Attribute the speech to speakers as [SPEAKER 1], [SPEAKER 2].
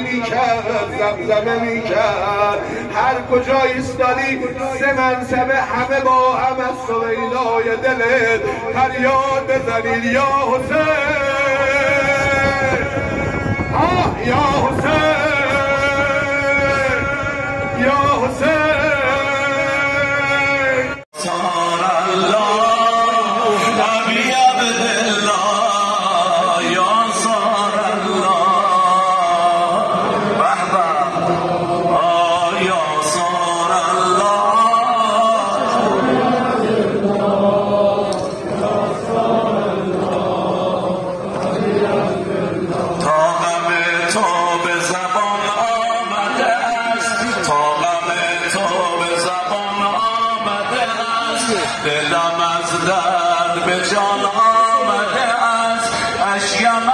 [SPEAKER 1] میکرد زمزمه میکرد هر کجا ایستادی سه منصبه همه با هم از سویلای دلت فریاد بزنید یا حسین آه یا حسین یا حسین دلم از درد به جان
[SPEAKER 2] آمده از اشیا